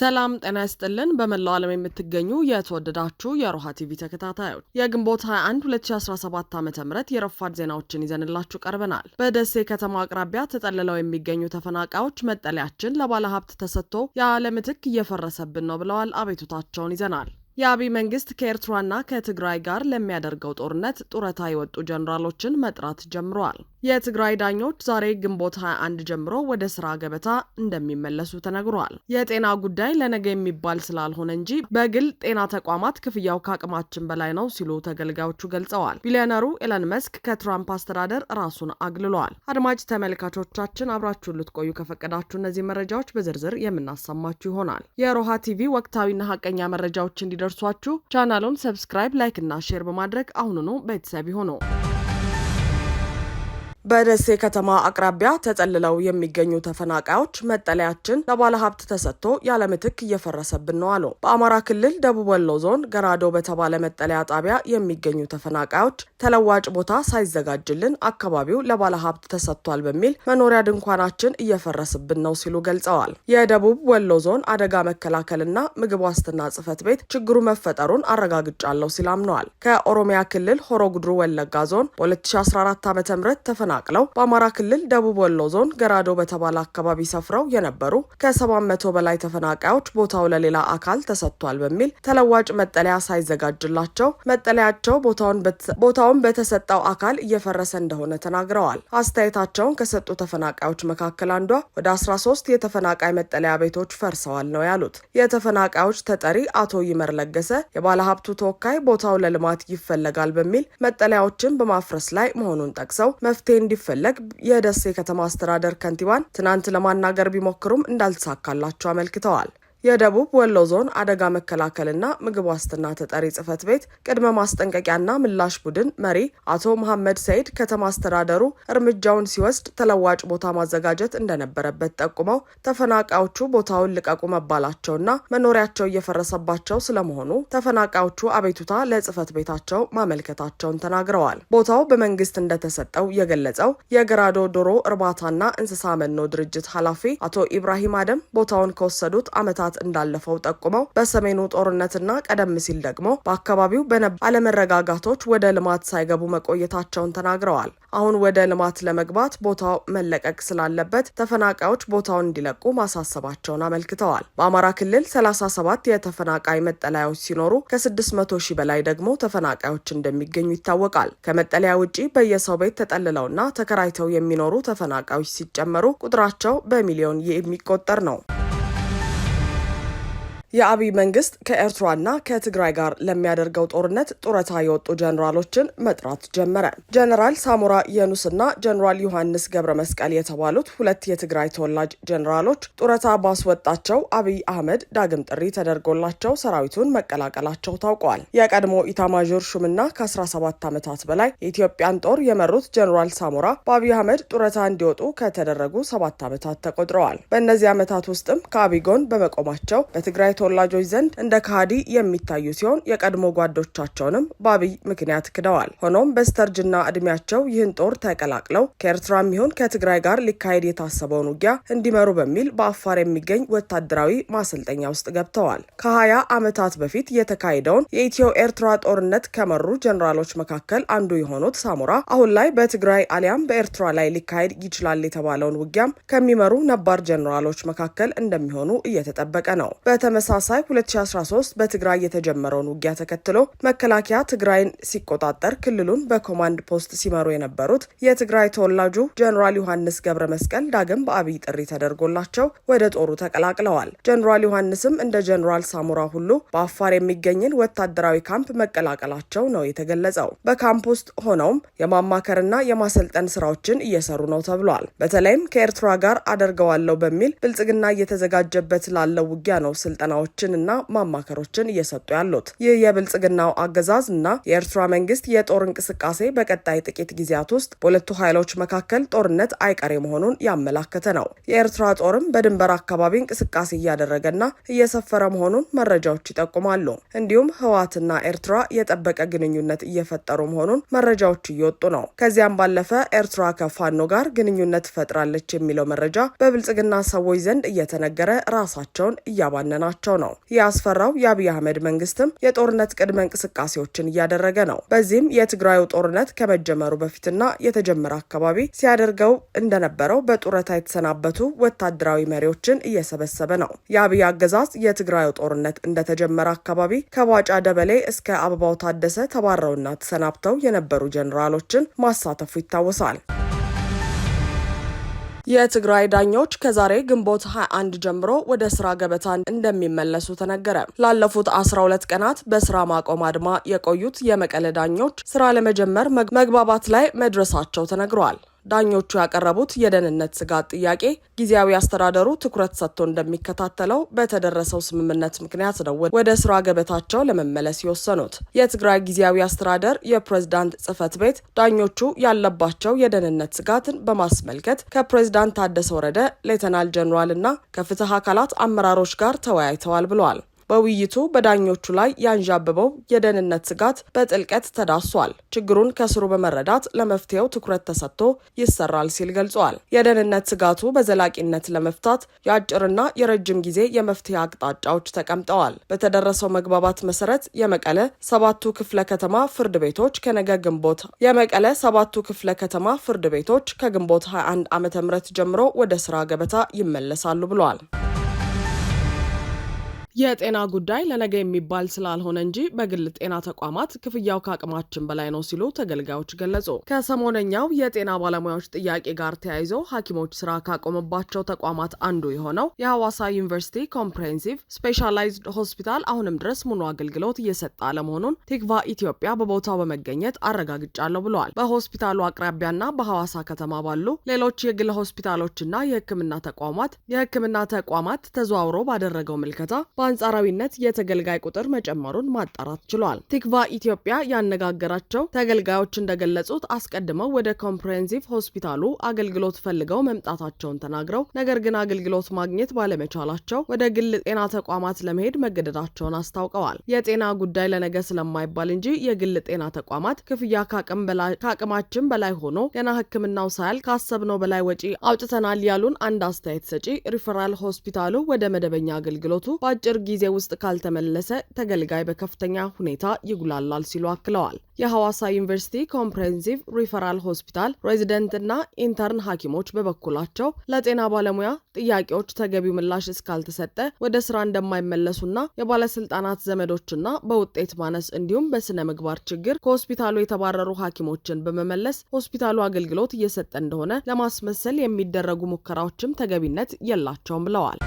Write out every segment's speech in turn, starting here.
ሰላም ጤና ይስጥልን። በመላው ዓለም የምትገኙ የተወደዳችሁ የሮሃ ቲቪ ተከታታዮች የግንቦት 21 2017 ዓ ም የረፋድ ዜናዎችን ይዘንላችሁ ቀርበናል። በደሴ ከተማ አቅራቢያ ተጠልለው የሚገኙ ተፈናቃዮች መጠለያችን ለባለሀብት ተሰጥቶ የዓለም ትክ እየፈረሰብን ነው ብለዋል። አቤቱታቸውን ይዘናል። የአብይ መንግስት ከኤርትራና ከትግራይ ጋር ለሚያደርገው ጦርነት ጡረታ የወጡ ጀኔራሎችን መጥራት ጀምረዋል። የትግራይ ዳኞች ዛሬ ግንቦት 21 ጀምሮ ወደ ስራ ገበታ እንደሚመለሱ ተነግሯል። የጤና ጉዳይ ለነገ የሚባል ስላልሆነ እንጂ በግል ጤና ተቋማት ክፍያው ከአቅማችን በላይ ነው ሲሉ ተገልጋዮቹ ገልጸዋል። ቢሊዮነሩ ኤለን መስክ ከትራምፕ አስተዳደር ራሱን አግልሏል። አድማጭ ተመልካቾቻችን አብራችሁን ልትቆዩ ከፈቀዳችሁ እነዚህ መረጃዎች በዝርዝር የምናሰማችሁ ይሆናል። የሮሃ ቲቪ ወቅታዊና ሀቀኛ መረጃዎች እንዲደርሱ እንዲደርሷችሁ ቻናሉን ሰብስክራይብ፣ ላይክ እና ሼር በማድረግ አሁኑኑ ቤተሰብ ይሁኑ። በደሴ ከተማ አቅራቢያ ተጠልለው የሚገኙ ተፈናቃዮች መጠለያችን ለባለሀብት ተሰጥቶ ያለምትክ እየፈረሰብን ነው አሉ። በአማራ ክልል ደቡብ ወሎ ዞን ገራዶ በተባለ መጠለያ ጣቢያ የሚገኙ ተፈናቃዮች ተለዋጭ ቦታ ሳይዘጋጅልን አካባቢው ለባለሀብት ተሰጥቷል በሚል መኖሪያ ድንኳናችን እየፈረስብን ነው ሲሉ ገልጸዋል። የደቡብ ወሎ ዞን አደጋ መከላከልና ምግብ ዋስትና ጽህፈት ቤት ችግሩ መፈጠሩን አረጋግጫለሁ ሲል አምነዋል። ከኦሮሚያ ክልል ሆሮ ጉድሩ ወለጋ ዞን በ2014 ዓ ም ተፈና ተፈናቅለው በአማራ ክልል ደቡብ ወሎ ዞን ገራዶ በተባለ አካባቢ ሰፍረው የነበሩ ከሰባት መቶ በላይ ተፈናቃዮች ቦታው ለሌላ አካል ተሰጥቷል በሚል ተለዋጭ መጠለያ ሳይዘጋጅላቸው መጠለያቸው ቦታውን በተሰጠው አካል እየፈረሰ እንደሆነ ተናግረዋል። አስተያየታቸውን ከሰጡ ተፈናቃዮች መካከል አንዷ ወደ 13 የተፈናቃይ መጠለያ ቤቶች ፈርሰዋል ነው ያሉት። የተፈናቃዮች ተጠሪ አቶ ይመር ለገሰ የባለሀብቱ ተወካይ ቦታው ለልማት ይፈለጋል በሚል መጠለያዎችን በማፍረስ ላይ መሆኑን ጠቅሰው መፍትሄ እንዲፈለግ የደሴ ከተማ አስተዳደር ከንቲባን ትናንት ለማናገር ቢሞክሩም እንዳልተሳካላቸው አመልክተዋል። የደቡብ ወሎ ዞን አደጋ መከላከልና ምግብ ዋስትና ተጠሪ ጽህፈት ቤት ቅድመ ማስጠንቀቂያና ምላሽ ቡድን መሪ አቶ መሐመድ ሰይድ ከተማ አስተዳደሩ እርምጃውን ሲወስድ ተለዋጭ ቦታ ማዘጋጀት እንደነበረበት ጠቁመው ተፈናቃዮቹ ቦታውን ልቀቁ መባላቸውና መኖሪያቸው እየፈረሰባቸው ስለመሆኑ ተፈናቃዮቹ አቤቱታ ለጽህፈት ቤታቸው ማመልከታቸውን ተናግረዋል። ቦታው በመንግስት እንደተሰጠው የገለጸው የገራዶ ዶሮ እርባታና እንስሳ መኖ ድርጅት ኃላፊ አቶ ኢብራሂም አደም ቦታውን ከወሰዱት አመታት ወራት እንዳለፈው ጠቁመው በሰሜኑ ጦርነትና ቀደም ሲል ደግሞ በአካባቢው በነበ አለመረጋጋቶች ወደ ልማት ሳይገቡ መቆየታቸውን ተናግረዋል። አሁን ወደ ልማት ለመግባት ቦታው መለቀቅ ስላለበት ተፈናቃዮች ቦታውን እንዲለቁ ማሳሰባቸውን አመልክተዋል። በአማራ ክልል 37 የተፈናቃይ መጠለያዎች ሲኖሩ ከ600 ሺህ በላይ ደግሞ ተፈናቃዮች እንደሚገኙ ይታወቃል። ከመጠለያ ውጪ በየሰው ቤት ተጠልለውና ተከራይተው የሚኖሩ ተፈናቃዮች ሲጨመሩ ቁጥራቸው በሚሊዮን የሚቆጠር ነው። የአብይ መንግስት ከኤርትራና ከትግራይ ጋር ለሚያደርገው ጦርነት ጡረታ የወጡ ጀኔራሎችን መጥራት ጀመረ። ጀኔራል ሳሞራ የኑስና ጀኔራል ዮሐንስ ገብረ መስቀል የተባሉት ሁለት የትግራይ ተወላጅ ጀኔራሎች ጡረታ ባስወጣቸው አብይ አህመድ ዳግም ጥሪ ተደርጎላቸው ሰራዊቱን መቀላቀላቸው ታውቋል። የቀድሞ ኢታማዦር ሹምና ከ17 ዓመታት በላይ የኢትዮጵያን ጦር የመሩት ጀኔራል ሳሞራ በአብይ አህመድ ጡረታ እንዲወጡ ከተደረጉ ሰባት ዓመታት ተቆጥረዋል። በእነዚህ ዓመታት ውስጥም ከአብይ ጎን በመቆማቸው በትግራይ ተወላጆች ዘንድ እንደ ካሃዲ የሚታዩ ሲሆን የቀድሞ ጓዶቻቸውንም በአብይ ምክንያት ክደዋል። ሆኖም በስተርጅና እድሜያቸው ይህን ጦር ተቀላቅለው ከኤርትራም ይሁን ከትግራይ ጋር ሊካሄድ የታሰበውን ውጊያ እንዲመሩ በሚል በአፋር የሚገኝ ወታደራዊ ማሰልጠኛ ውስጥ ገብተዋል። ከሀያ ዓመታት በፊት የተካሄደውን የኢትዮ ኤርትራ ጦርነት ከመሩ ጀኔራሎች መካከል አንዱ የሆኑት ሳሙራ አሁን ላይ በትግራይ አሊያም በኤርትራ ላይ ሊካሄድ ይችላል የተባለውን ውጊያም ከሚመሩ ነባር ጀኔራሎች መካከል እንደሚሆኑ እየተጠበቀ ነው። በተመሳ በተመሳሳይ 2013 በትግራይ የተጀመረውን ውጊያ ተከትሎ መከላከያ ትግራይን ሲቆጣጠር ክልሉን በኮማንድ ፖስት ሲመሩ የነበሩት የትግራይ ተወላጁ ጀኔራል ዮሐንስ ገብረ መስቀል ዳግም በአብይ ጥሪ ተደርጎላቸው ወደ ጦሩ ተቀላቅለዋል። ጀኔራል ዮሐንስም እንደ ጀኔራል ሳሙራ ሁሉ በአፋር የሚገኝን ወታደራዊ ካምፕ መቀላቀላቸው ነው የተገለጸው። በካምፕ ውስጥ ሆነውም የማማከርና የማሰልጠን ስራዎችን እየሰሩ ነው ተብሏል። በተለይም ከኤርትራ ጋር አደርገዋለሁ በሚል ብልጽግና እየተዘጋጀበት ላለው ውጊያ ነው ስልጠናው ስልጠናዎችን እና ማማከሮችን እየሰጡ ያሉት ይህ የብልጽግናው አገዛዝ እና የኤርትራ መንግስት የጦር እንቅስቃሴ በቀጣይ ጥቂት ጊዜያት ውስጥ በሁለቱ ኃይሎች መካከል ጦርነት አይቀሬ መሆኑን ያመላከተ ነው። የኤርትራ ጦርም በድንበር አካባቢ እንቅስቃሴ እያደረገና እየሰፈረ መሆኑን መረጃዎች ይጠቁማሉ። እንዲሁም ህወሓትና ኤርትራ የጠበቀ ግንኙነት እየፈጠሩ መሆኑን መረጃዎች እየወጡ ነው። ከዚያም ባለፈ ኤርትራ ከፋኖ ጋር ግንኙነት ትፈጥራለች የሚለው መረጃ በብልጽግና ሰዎች ዘንድ እየተነገረ ራሳቸውን እያባነናቸው መሆናቸው ነው። ያስፈራው የአብይ አህመድ መንግስትም የጦርነት ቅድመ እንቅስቃሴዎችን እያደረገ ነው። በዚህም የትግራዩ ጦርነት ከመጀመሩ በፊትና የተጀመረ አካባቢ ሲያደርገው እንደነበረው በጡረታ የተሰናበቱ ወታደራዊ መሪዎችን እየሰበሰበ ነው። የአብይ አገዛዝ የትግራዩ ጦርነት እንደተጀመረ አካባቢ ከባጫ ደበሌ እስከ አበባው ታደሰ ተባረውና ተሰናብተው የነበሩ ጀኔራሎችን ማሳተፉ ይታወሳል። የትግራይ ዳኞች ከዛሬ ግንቦት 21 ጀምሮ ወደ ስራ ገበታ እንደሚመለሱ ተነገረ። ላለፉት 12 ቀናት በስራ ማቆም አድማ የቆዩት የመቀለ ዳኞች ስራ ለመጀመር መግባባት ላይ መድረሳቸው ተነግረዋል። ዳኞቹ ያቀረቡት የደህንነት ስጋት ጥያቄ ጊዜያዊ አስተዳደሩ ትኩረት ሰጥቶ እንደሚከታተለው በተደረሰው ስምምነት ምክንያት ነው ወደ ስራ ገበታቸው ለመመለስ የወሰኑት። የትግራይ ጊዜያዊ አስተዳደር የፕሬዝዳንት ጽህፈት ቤት ዳኞቹ ያለባቸው የደህንነት ስጋትን በማስመልከት ከፕሬዝዳንት ታደሰ ወረደ፣ ሌተናል ጀኔራል እና ከፍትህ አካላት አመራሮች ጋር ተወያይተዋል ብለዋል። በውይይቱ በዳኞቹ ላይ ያንዣበበው የደህንነት ስጋት በጥልቀት ተዳሷል። ችግሩን ከስሩ በመረዳት ለመፍትሄው ትኩረት ተሰጥቶ ይሰራል ሲል ገልጿል። የደህንነት ስጋቱ በዘላቂነት ለመፍታት የአጭርና የረጅም ጊዜ የመፍትሄ አቅጣጫዎች ተቀምጠዋል። በተደረሰው መግባባት መሰረት የመቀለ ሰባቱ ክፍለ ከተማ ፍርድ ቤቶች ከነገ ግንቦት የመቀለ ሰባቱ ክፍለ ከተማ ፍርድ ቤቶች ከግንቦት 21 ዓ ም ጀምሮ ወደ ስራ ገበታ ይመለሳሉ ብሏል። የጤና ጉዳይ ለነገ የሚባል ስላልሆነ እንጂ በግል ጤና ተቋማት ክፍያው ከአቅማችን በላይ ነው ሲሉ ተገልጋዮች ገለጹ። ከሰሞነኛው የጤና ባለሙያዎች ጥያቄ ጋር ተያይዞ ሐኪሞች ስራ ካቆመባቸው ተቋማት አንዱ የሆነው የሐዋሳ ዩኒቨርሲቲ ኮምፕሬሄንሲቭ ስፔሻላይዝድ ሆስፒታል አሁንም ድረስ ሙሉ አገልግሎት እየሰጠ አለመሆኑን ቲክቫ ኢትዮጵያ በቦታው በመገኘት አረጋግጫለሁ ብለዋል። በሆስፒታሉ አቅራቢያና በሐዋሳ ከተማ ባሉ ሌሎች የግል ሆስፒታሎችና የህክምና ተቋማት የህክምና ተቋማት ተዘዋውሮ ባደረገው ምልከታ በአንጻራዊነት የተገልጋይ ቁጥር መጨመሩን ማጣራት ችሏል። ቲክቫ ኢትዮጵያ ያነጋገራቸው ተገልጋዮች እንደገለጹት አስቀድመው ወደ ኮምፕሬሄንሲቭ ሆስፒታሉ አገልግሎት ፈልገው መምጣታቸውን ተናግረው ነገር ግን አገልግሎት ማግኘት ባለመቻላቸው ወደ ግል ጤና ተቋማት ለመሄድ መገደዳቸውን አስታውቀዋል። የጤና ጉዳይ ለነገ ስለማይባል እንጂ የግል ጤና ተቋማት ክፍያ ከአቅማችን በላይ ሆኖ ገና ሕክምናው ሳያል ካሰብነው በላይ ወጪ አውጥተናል ያሉን አንድ አስተያየት ሰጪ ሪፈራል ሆስፒታሉ ወደ መደበኛ አገልግሎቱ በአጭር ጊዜ ውስጥ ካልተመለሰ ተገልጋይ በከፍተኛ ሁኔታ ይጉላላል ሲሉ አክለዋል። የሐዋሳ ዩኒቨርሲቲ ኮምፕሬሄንሲቭ ሪፈራል ሆስፒታል ሬዚደንትና ኢንተርን ሐኪሞች በበኩላቸው ለጤና ባለሙያ ጥያቄዎች ተገቢው ምላሽ እስካልተሰጠ ወደ ስራ እንደማይመለሱና የባለስልጣናት ዘመዶችና በውጤት ማነስ እንዲሁም በስነ ምግባር ችግር ከሆስፒታሉ የተባረሩ ሐኪሞችን በመመለስ ሆስፒታሉ አገልግሎት እየሰጠ እንደሆነ ለማስመሰል የሚደረጉ ሙከራዎችም ተገቢነት የላቸውም ብለዋል።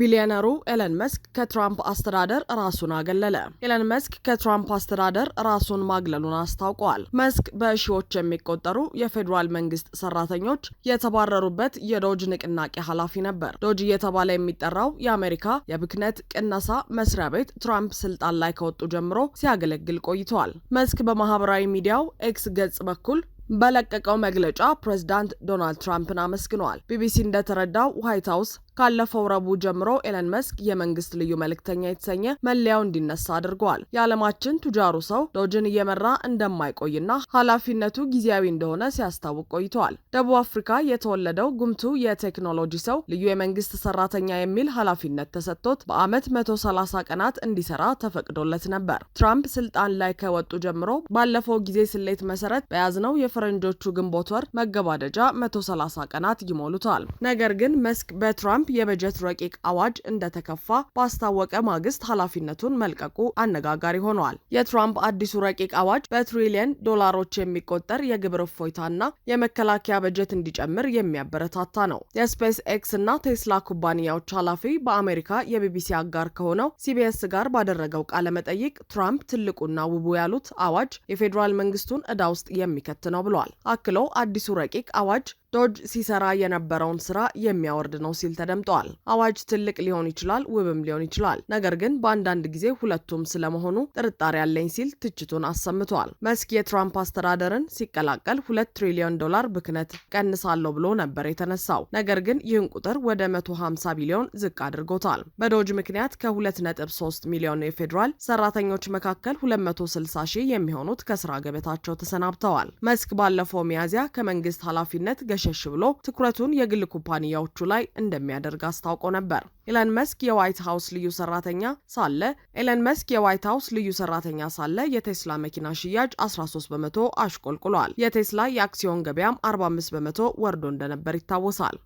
ቢሊዮነሩ ኤለን መስክ ከትራምፕ አስተዳደር ራሱን አገለለ። ኤለን መስክ ከትራምፕ አስተዳደር ራሱን ማግለሉን አስታውቋል። መስክ በሺዎች የሚቆጠሩ የፌዴራል መንግስት ሰራተኞች የተባረሩበት የዶጅ ንቅናቄ ኃላፊ ነበር። ዶጅ እየተባለ የሚጠራው የአሜሪካ የብክነት ቅነሳ መስሪያ ቤት ትራምፕ ስልጣን ላይ ከወጡ ጀምሮ ሲያገለግል ቆይተዋል። መስክ በማህበራዊ ሚዲያው ኤክስ ገጽ በኩል በለቀቀው መግለጫ ፕሬዚዳንት ዶናልድ ትራምፕን አመስግነዋል። ቢቢሲ እንደተረዳው ዋይት ሀውስ ካለፈው ረቡዕ ጀምሮ ኤለን መስክ የመንግስት ልዩ መልእክተኛ የተሰኘ መለያው እንዲነሳ አድርገዋል። የዓለማችን ቱጃሩ ሰው ዶጅን እየመራ እንደማይቆይና ኃላፊነቱ ጊዜያዊ እንደሆነ ሲያስታውቅ ቆይተዋል። ደቡብ አፍሪካ የተወለደው ጉምቱ የቴክኖሎጂ ሰው ልዩ የመንግስት ሰራተኛ የሚል ኃላፊነት ተሰጥቶት በአመት 130 ቀናት እንዲሰራ ተፈቅዶለት ነበር። ትራምፕ ስልጣን ላይ ከወጡ ጀምሮ ባለፈው ጊዜ ስሌት መሰረት በያዝነው የፈረንጆቹ ግንቦት ወር መገባደጃ 130 ቀናት ይሞሉታል። ነገር ግን መስክ በትራምፕ የበጀት ረቂቅ አዋጅ እንደተከፋ ባስታወቀ ማግስት ኃላፊነቱን መልቀቁ አነጋጋሪ ሆነዋል። የትራምፕ አዲሱ ረቂቅ አዋጅ በትሪሊየን ዶላሮች የሚቆጠር የግብር እፎይታና የመከላከያ በጀት እንዲጨምር የሚያበረታታ ነው። የስፔስ ኤክስ እና ቴስላ ኩባንያዎች ኃላፊ በአሜሪካ የቢቢሲ አጋር ከሆነው ሲቢኤስ ጋር ባደረገው ቃለ መጠይቅ ትራምፕ ትልቁና ውቡ ያሉት አዋጅ የፌዴራል መንግስቱን ዕዳ ውስጥ የሚከት ነው ብለዋል። አክለው አዲሱ ረቂቅ አዋጅ ዶጅ ሲሰራ የነበረውን ስራ የሚያወርድ ነው ሲል ተደምጠዋል። አዋጅ ትልቅ ሊሆን ይችላል፣ ውብም ሊሆን ይችላል። ነገር ግን በአንዳንድ ጊዜ ሁለቱም ስለመሆኑ ጥርጣሬ ያለኝ ሲል ትችቱን አሰምተዋል። መስክ የትራምፕ አስተዳደርን ሲቀላቀል ሁለት ትሪሊዮን ዶላር ብክነት ቀንሳለሁ ብሎ ነበር የተነሳው። ነገር ግን ይህን ቁጥር ወደ 150 ቢሊዮን ዝቅ አድርጎታል። በዶጅ ምክንያት ከ2.3 ሚሊዮን የፌዴራል ሰራተኞች መካከል 260 ሺህ የሚሆኑት ከስራ ገበታቸው ተሰናብተዋል። መስክ ባለፈው ሚያዝያ ከመንግስት ኃላፊነት ገሸሽ ብሎ ትኩረቱን የግል ኩባንያዎቹ ላይ እንደሚያደርግ አስታውቆ ነበር። ኤለን መስክ የዋይት ሀውስ ልዩ ሰራተኛ ሳለ ኤለን መስክ የዋይት ሀውስ ልዩ ሰራተኛ ሳለ የቴስላ መኪና ሽያጭ 13 በመቶ አሽቆልቁሏል። የቴስላ የአክሲዮን ገበያም 45 በመቶ ወርዶ እንደነበር ይታወሳል።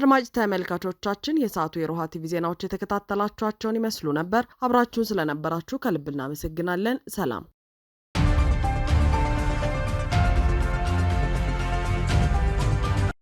አድማጭ ተመልካቾቻችን የሰዓቱ የሮሃ ቲቪ ዜናዎች የተከታተላችኋቸውን ይመስሉ ነበር። አብራችሁን ስለነበራችሁ ከልብ እናመሰግናለን። ሰላም